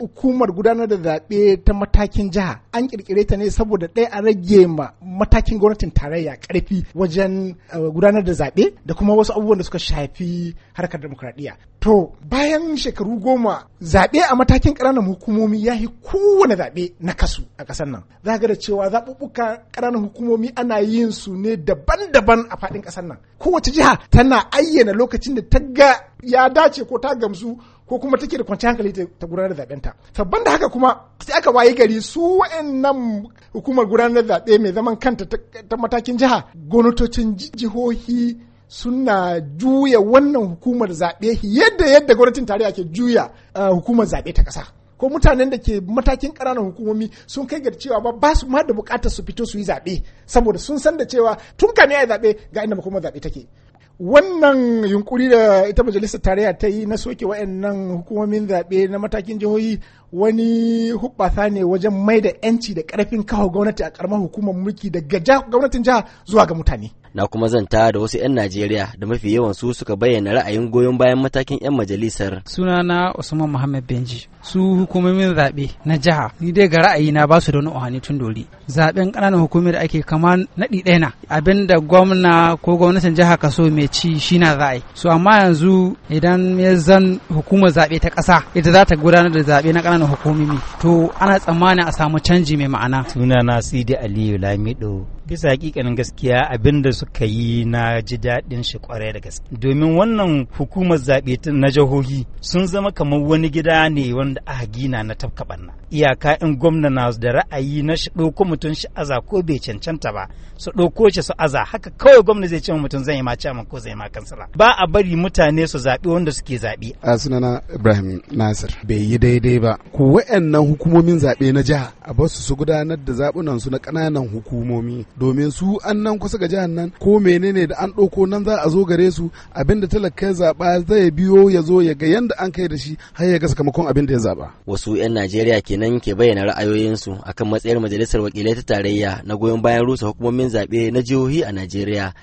hukumar gudanar da zaɓe ta matakin jiha an ƙirƙire ta ne saboda ɗaya a rage ma matakin gwamnatin tarayya ƙarfi wajen eh, gudanar da zaɓe da kuma wasu abubuwan da suka shafi harkar demokradiyya to bayan shekaru goma zaɓe a matakin ƙananan hukumomi ya yi kowane zaɓe na kasu a ƙasar nan za ga da cewa zaɓuɓɓuka ƙananan hukumomi ana yin su ne daban-daban a faɗin ƙasar nan kowace jiha tana ayyana lokacin da ta ga ya dace ko ta gamsu ko kuma take da kwanciyar hankali ta gudanar da ta sabban da haka kuma sai aka wayi gari su wa'annan hukumar gudanar da zaɓe mai zaman kanta ta matakin jiha gwamnatocin jihohi suna juya wannan hukumar zaɓe yadda yadda gwamnatin tarayya ke juya eh, hukumar zaɓe ta ƙasa ko mutanen da ke matakin ƙananan hukumomi sun kai ga cewa ba ba su ma da bukatar su fito su yi zaɓe saboda sun san da cewa tun ne a zaɓe ga inda hukumar zaɓe take wannan yunkuri da ita majalisar tarayya ta yi na soke wa'annan hukumomin zaɓe na matakin jihohi wani hubbasa ne wajen mai da 'yanci da ƙarfin kawo gwamnati a ƙaramar hukumar mulki daga gwamnatin jiha zuwa ga mutane na kuma zanta da wasu 'yan Najeriya da mafi yawan su suka bayyana ra'ayin goyon bayan matakin 'yan majalisar. Sunana Usman Muhammad Benji, su hukumomin zaɓe na jiha, ni dai ga ra'ayi na ba su da wani tun dori. zaben ƙananan hukumar da ake kama naɗi ɗaya na Abinda gwamna ko gwamnatin jiha kaso mai ci shi na za so amma yanzu idan ya zan hukumar zaɓe ta ƙasa ita za ta gudanar da zaɓe na ƙananan hukumomi to ana tsammani a samu canji mai ma'ana Suna na sidi aliyu lamido bisa hakikanin gaskiya abinda suka yi na ji daɗin shi kwarai da gaske domin wannan hukumar zaɓe na jihohi sun zama kamar wani gida ne wanda aka gina na tafka iyaka in gwamna na da ra'ayi na shi ɗauko mutum shi aza ko bai cancanta ba su ɗauko shi su aza haka kawai gwamna zai ce wa mutum zai ma chairman ko zai ma kansila ba a bari mutane su zaɓi wanda suke zaɓi. a sunana ibrahim nasir bai yi daidai ba ku wa'annan hukumomin zaɓe na jiha a basu su gudanar da zaɓunan su na ƙananan hukumomi domin su an nan kusa ga jihar nan ko menene da an ɗauko nan za a zo gare su abinda talaka zaɓa zai biyo ya zo ya ga yadda an kai da shi har ya ga sakamakon abin da ya zaɓa. wasu 'yan najeriya kenan ke bayyana ra'ayoyinsu akan matsayar majalisar wakilai wakilai ta tarayya na goyon bayan rusa hukumomin zaɓe na jihohi a Najeriya